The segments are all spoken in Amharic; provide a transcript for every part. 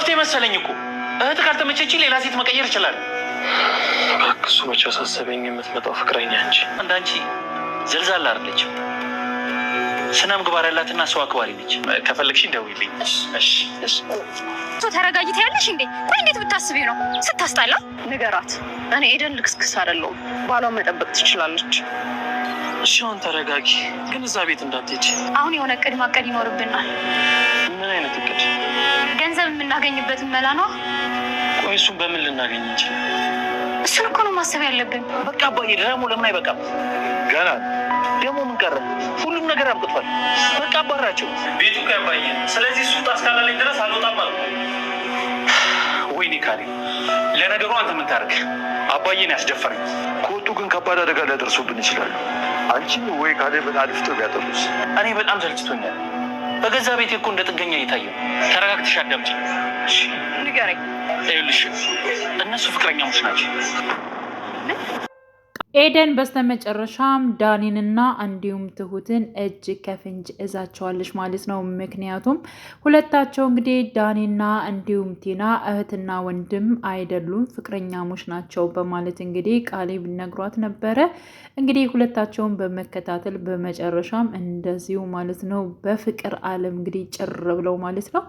መፍትሄ መሰለኝ እኮ እህት ካልተመቸች ሌላ ሴት መቀየር ይችላል። እሱ መቼ አሳሰበኝ። የምትመጣው ፍቅረኛ እንጂ አንዳንቺ ዘልዛላ አይደለችም። ስነ ምግባር ያላትና ሰው አክባሪ ነች። ከፈለግሽ እንደውይልኝ። ተረጋጊ ያለሽ እንዴ? ቆይ እንዴት ብታስቢ ነው ስታስጣላ? ንገራት። እኔ ኤደን ልክስክስ አይደለሁም። ባሏን መጠበቅ ትችላለች። እሺ አሁን ተረጋጊ፣ ግን እዛ ቤት እንዳትሄጂ። አሁን የሆነ እቅድ ማቀድ ይኖርብናል። ምን አይነት እቅድ? ገንዘብ የምናገኝበት መላ ነው። ቆይ እሱን በምን ልናገኝ እንችል? እሱን እኮ ነው ማሰብ ያለብን። በቃ አባዬ ደግሞ ለምን አይበቃም? ገና ደግሞ ምን ቀረ? ሁሉም ነገር አብቅቷል። በቃ አባራቸው ቤቱ ከባየ። ስለዚህ እሱ ታስካላለኝ ድረስ አልወጣም አለ። ወይኔ ካሪ፣ ለነገሩ አንተ ምን ታደርግ? አባዬን ያስደፈረኝ። ከወጡ ግን ከባድ አደጋ ሊያደርሱብን ይችላሉ። አንቺ ወይ ካሌ በጣ አድፍጠው ቢያጠፉስ? እኔ በጣም ሰልችቶኛል። በገዛ ቤት እኮ እንደ ጥገኛ እየታየ ተረጋግተሽ አዳምጪኝ ንገረኝ። ይኸውልሽ እነሱ ፍቅረኛሞች ናቸው። ኤደን በስተመጨረሻም ዳኒንና እንዲሁም ትሁትን እጅ ከፍንጅ እዛቸዋለች ማለት ነው። ምክንያቱም ሁለታቸው እንግዲህ ዳኒና እንዲሁም ቲና እህትና ወንድም አይደሉም፣ ፍቅረኛሞች ናቸው በማለት እንግዲህ ቃሊ ነግሯት ነበረ። እንግዲህ ሁለታቸውን በመከታተል በመጨረሻም እንደዚሁ ማለት ነው በፍቅር ዓለም እንግዲህ ጭር ብለው ማለት ነው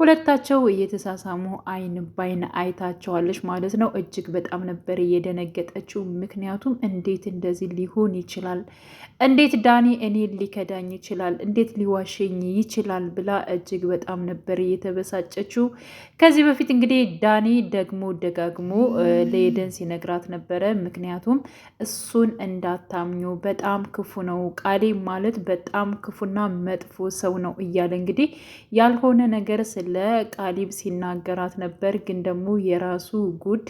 ሁለታቸው እየተሳሳሙ አይን ባይን አይታቸዋለች ማለት ነው። እጅግ በጣም ነበር እየደነገጠችው። ምክንያቱም እንዴት እንደዚህ ሊሆን ይችላል? እንዴት ዳኒ እኔ ሊከዳኝ ይችላል? እንዴት ሊዋሸኝ ይችላል? ብላ እጅግ በጣም ነበር እየተበሳጨችው። ከዚህ በፊት እንግዲህ ዳኒ ደግሞ ደጋግሞ ለኤደን ሲነግራት ነበረ። ምክንያቱም እሱን እንዳታምኙ በጣም ክፉ ነው፣ ቃሌ ማለት በጣም ክፉና መጥፎ ሰው ነው እያለ እንግዲህ ያልሆነ ነገር ስለ ቃሊብ ሲናገራት ነበር። ግን ደግሞ የራሱ ጉድ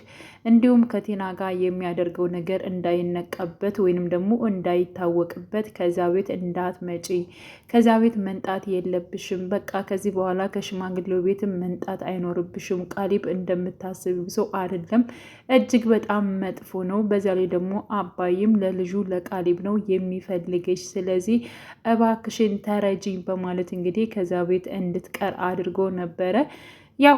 እንዲሁም ከቴና ጋር የሚያደርገው ነገር እንዳይነቃበት ወይንም ደግሞ እንዳይታወቅበት ከዛ ቤት እንዳትመጪ፣ ከዛ ቤት መንጣት የለብሽም በቃ ከዚህ በኋላ ከሽማግሌው ቤት መንጣት አይኖርብሽም። ቃሊብ እንደምታስብ ሰው አይደለም፣ እጅግ በጣም መጥፎ ነው። በዛ ላይ ደግሞ አባይም ለልጁ ለቃሊብ ነው የሚፈልገች ስለዚህ እባክሽን ተረጂኝ በማለት እንግዲህ ከዛ ቤት እንድትቀር አድርጎ ነበር ነበረ። ያው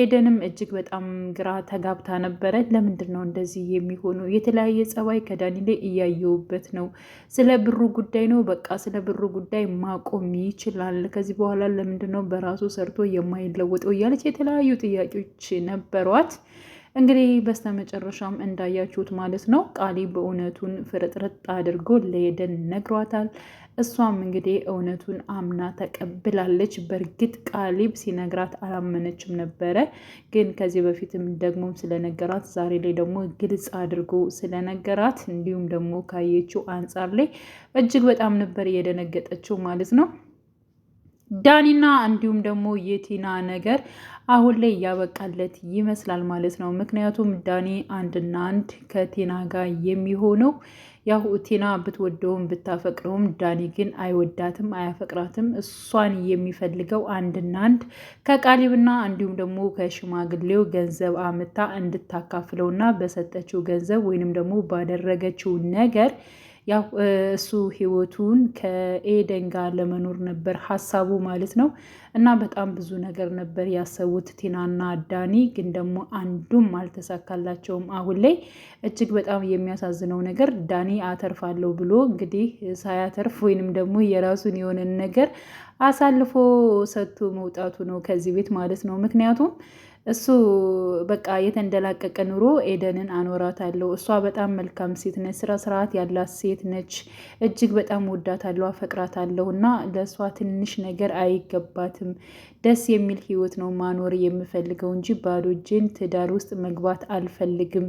ኤደንም እጅግ በጣም ግራ ተጋብታ ነበረ። ለምንድን ነው እንደዚህ የሚሆኑ? የተለያየ ጸባይ ከዳኒሌ እያየውበት ነው። ስለ ብሩ ጉዳይ ነው። በቃ ስለ ብሩ ጉዳይ ማቆም ይችላል። ከዚህ በኋላ ለምንድን ነው በራሱ ሰርቶ የማይለወጠው? እያለች የተለያዩ ጥያቄዎች ነበሯት። እንግዲህ በስተመጨረሻም እንዳያችሁት ማለት ነው ቃሊ በእውነቱን ፍርጥርጥ አድርጎ ለኤደን ነግሯታል። እሷም እንግዲህ እውነቱን አምና ተቀብላለች። በእርግጥ ቃሊብ ሲነግራት አላመነችም ነበረ፣ ግን ከዚህ በፊትም ደግሞ ስለነገራት ዛሬ ላይ ደግሞ ግልጽ አድርጎ ስለነገራት እንዲሁም ደግሞ ካየችው አንጻር ላይ እጅግ በጣም ነበር እየደነገጠችው ማለት ነው። ዳኒና እንዲሁም ደግሞ የቲና ነገር አሁን ላይ ያበቃለት ይመስላል ማለት ነው። ምክንያቱም ዳኒ አንድና አንድ ከቲና ጋር የሚሆነው ያው ቲና ብትወደውም ብታፈቅረውም ዳኒ ግን አይወዳትም፣ አያፈቅራትም። እሷን የሚፈልገው አንድና አንድ ከቃሊብና እንዲሁም ደግሞ ከሽማግሌው ገንዘብ አምታ እንድታካፍለውና በሰጠችው ገንዘብ ወይንም ደግሞ ባደረገችው ነገር ያው እሱ ህይወቱን ከኤደን ጋር ለመኖር ነበር ሀሳቡ ማለት ነው። እና በጣም ብዙ ነገር ነበር ያሰቡት ቲናና ዳኒ፣ ግን ደግሞ አንዱም አልተሳካላቸውም። አሁን ላይ እጅግ በጣም የሚያሳዝነው ነገር ዳኒ አተርፋለሁ ብሎ እንግዲህ ሳያተርፍ ወይንም ደግሞ የራሱን የሆነን ነገር አሳልፎ ሰጥቶ መውጣቱ ነው ከዚህ ቤት ማለት ነው ምክንያቱም እሱ በቃ የተንደላቀቀ ኑሮ ኤደንን አኖራታለሁ። እሷ በጣም መልካም ሴት ነች፣ ስራ ስርዓት ያላት ሴት ነች። እጅግ በጣም ወዳታለሁ፣ አፈቅራታለሁ እና ለእሷ ትንሽ ነገር አይገባትም። ደስ የሚል ህይወት ነው ማኖር የምፈልገው እንጂ ባዶ እጄን ትዳር ውስጥ መግባት አልፈልግም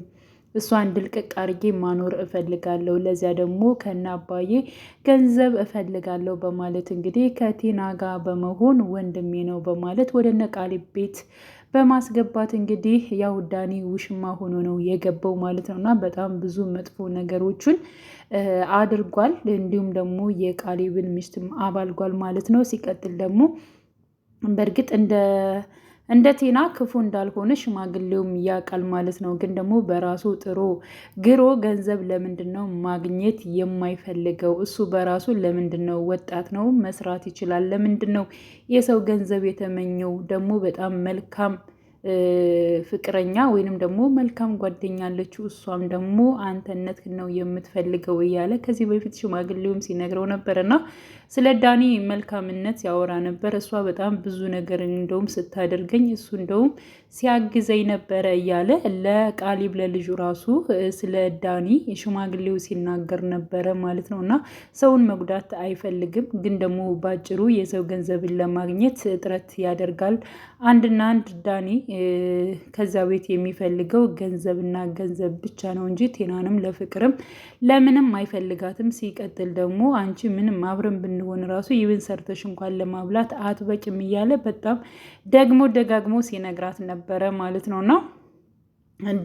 እሷን ድልቅቅ አድርጌ ማኖር እፈልጋለሁ። ለዚያ ደግሞ ከነ አባዬ ገንዘብ እፈልጋለሁ በማለት እንግዲህ ከቴና ጋር በመሆን ወንድሜ ነው በማለት ወደ እነ ቤት በማስገባት እንግዲህ ያው ዳኒ ውሽማ ሆኖ ነው የገባው ማለት ነው። እና በጣም ብዙ መጥፎ ነገሮችን አድርጓል። እንዲሁም ደግሞ የቃሊብን ሚስትም አባልጓል ማለት ነው። ሲቀጥል ደግሞ በእርግጥ እንደ እንደ ቴና ክፉ እንዳልሆነ ሽማግሌውም ያውቃል ማለት ነው። ግን ደግሞ በራሱ ጥሩ ግሮ ገንዘብ ለምንድን ነው ማግኘት የማይፈልገው? እሱ በራሱ ለምንድን ነው ወጣት ነው፣ መስራት ይችላል። ለምንድን ነው የሰው ገንዘብ የተመኘው? ደግሞ በጣም መልካም ፍቅረኛ ወይንም ደግሞ መልካም ጓደኛ አለችው። እሷም ደግሞ አንተነት ነው የምትፈልገው እያለ ከዚህ በፊት ሽማግሌውም ሲነግረው ነበረና ስለ ዳኒ መልካምነት ያወራ ነበር። እሷ በጣም ብዙ ነገር እንደውም ስታደርገኝ እሱ እንደውም ሲያግዘኝ ነበረ እያለ ለቃሊብ ለልጁ ራሱ ስለ ዳኒ ሽማግሌው ሲናገር ነበረ ማለት ነው። እና ሰውን መጉዳት አይፈልግም፣ ግን ደግሞ ባጭሩ የሰው ገንዘብን ለማግኘት ጥረት ያደርጋል። አንድና አንድ ዳኒ ከዛ ቤት የሚፈልገው ገንዘብና ገንዘብ ብቻ ነው እንጂ ቴናንም ለፍቅርም ለምንም አይፈልጋትም። ሲቀጥል ደግሞ አንቺ ምንም አብረን ብን ብንሆን ራሱ ይብን ሰርተሽ እንኳን ለማብላት አትበቂም እያለ በጣም ደግሞ ደጋግሞ ሲነግራት ነበረ ማለት ነው እና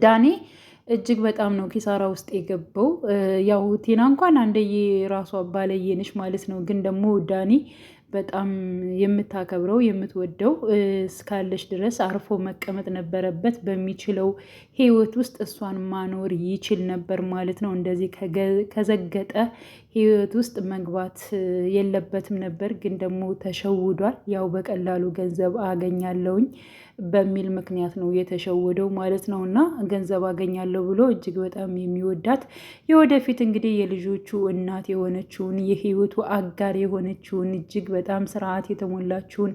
ዳኔ እጅግ በጣም ነው ኪሳራ ውስጥ የገባው። ያው ቴና እንኳን አንደዬ ራሷ ባለየንሽ ማለት ነው። ግን ደግሞ ዳኒ በጣም የምታከብረው የምትወደው እስካለሽ ድረስ አርፎ መቀመጥ ነበረበት። በሚችለው ህይወት ውስጥ እሷን ማኖር ይችል ነበር ማለት ነው። እንደዚህ ከዘገጠ ህይወት ውስጥ መግባት የለበትም ነበር፣ ግን ደግሞ ተሸውዷል። ያው በቀላሉ ገንዘብ አገኛለሁኝ በሚል ምክንያት ነው የተሸወደው ማለት ነው። እና ገንዘብ አገኛለሁ ብሎ እጅግ በጣም የሚወዳት የወደፊት እንግዲህ የልጆቹ እናት የሆነችውን የህይወቱ አጋር የሆነችውን እጅግ በጣም ስርዓት የተሞላችውን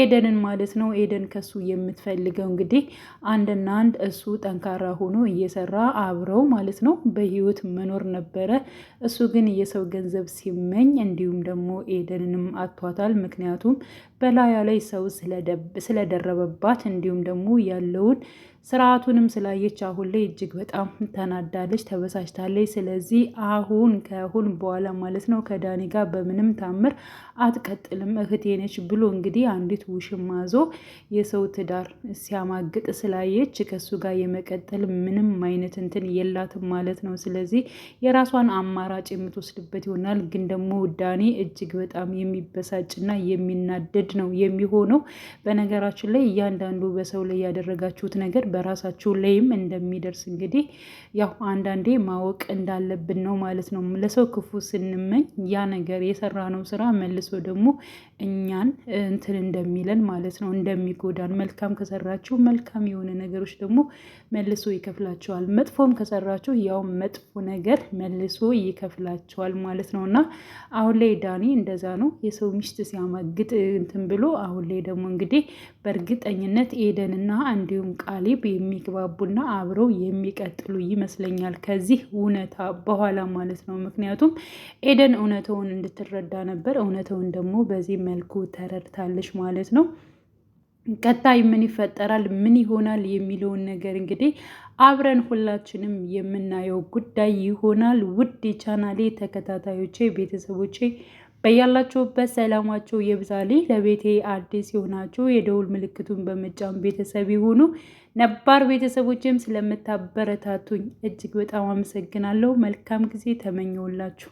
ኤደንን ማለት ነው። ኤደን ከሱ የምትፈልገው እንግዲህ አንድና አንድ እሱ ጠንካራ ሆኖ እየሰራ አብረው ማለት ነው በህይወት መኖር ነበረ። እሱ ግን እየሰ ሰው ገንዘብ ሲመኝ እንዲሁም ደግሞ ኤደንንም አቷታል። ምክንያቱም በላያ ላይ ሰው ስለደረበባት እንዲሁም ደግሞ ያለውን ስርዓቱንም ስላየች አሁን ላይ እጅግ በጣም ተናዳለች፣ ተበሳጭታለች። ስለዚህ አሁን ከሁን በኋላ ማለት ነው ከዳኒ ጋር በምንም ታምር አትቀጥልም እህቴ ነች ብሎ እንግዲህ አንዲት ውሽም አዞ የሰው ትዳር ሲያማግጥ ስላየች ከሱ ጋር የመቀጠል ምንም አይነት እንትን የላትም ማለት ነው። ስለዚህ የራሷን አማራጭ የምትወስድበት ይሆናል። ግን ደግሞ ዳኒ እጅግ በጣም የሚበሳጭና የሚናደድ ነው የሚሆነው። በነገራችን ላይ እያንዳንዱ በሰው ላይ ያደረጋችሁት ነገር በራሳችሁ ላይም እንደሚደርስ እንግዲህ ያው አንዳንዴ ማወቅ እንዳለብን ነው ማለት ነው። ለሰው ክፉ ስንመኝ ያ ነገር የሰራነው ስራ መልሶ ደግሞ እኛን እንትን እንደሚለን ማለት ነው እንደሚጎዳን። መልካም ከሰራችሁ መልካም የሆነ ነገሮች ደግሞ መልሶ ይከፍላቸዋል። መጥፎም ከሰራችሁ ያው መጥፎ ነገር መልሶ ይከፍላቸዋል ማለት ነው እና አሁን ላይ ዳኒ እንደዛ ነው የሰው ሚስት ሲያማግጥ እንትን ብሎ አሁን ላይ ደግሞ እንግዲህ በእርግጠኝነት ኤደንና እንዲሁም ቃሊ በደንብ የሚግባቡና አብረው የሚቀጥሉ ይመስለኛል ከዚህ እውነታ በኋላ ማለት ነው። ምክንያቱም ኤደን እውነተውን እንድትረዳ ነበር። እውነተውን ደግሞ በዚህ መልኩ ተረድታለች ማለት ነው። ቀጣይ ምን ይፈጠራል፣ ምን ይሆናል የሚለውን ነገር እንግዲህ አብረን ሁላችንም የምናየው ጉዳይ ይሆናል። ውድ የቻናሌ ተከታታዮቼ ቤተሰቦቼ በያላችሁበት ሰላማችሁ የብዛሌ ለቤቴ አዲስ የሆናችሁ የደውል ምልክቱን በመጫን ቤተሰብ የሆኑ ነባር ቤተሰቦችም ስለምታበረታቱኝ እጅግ በጣም አመሰግናለሁ። መልካም ጊዜ ተመኘውላችሁ።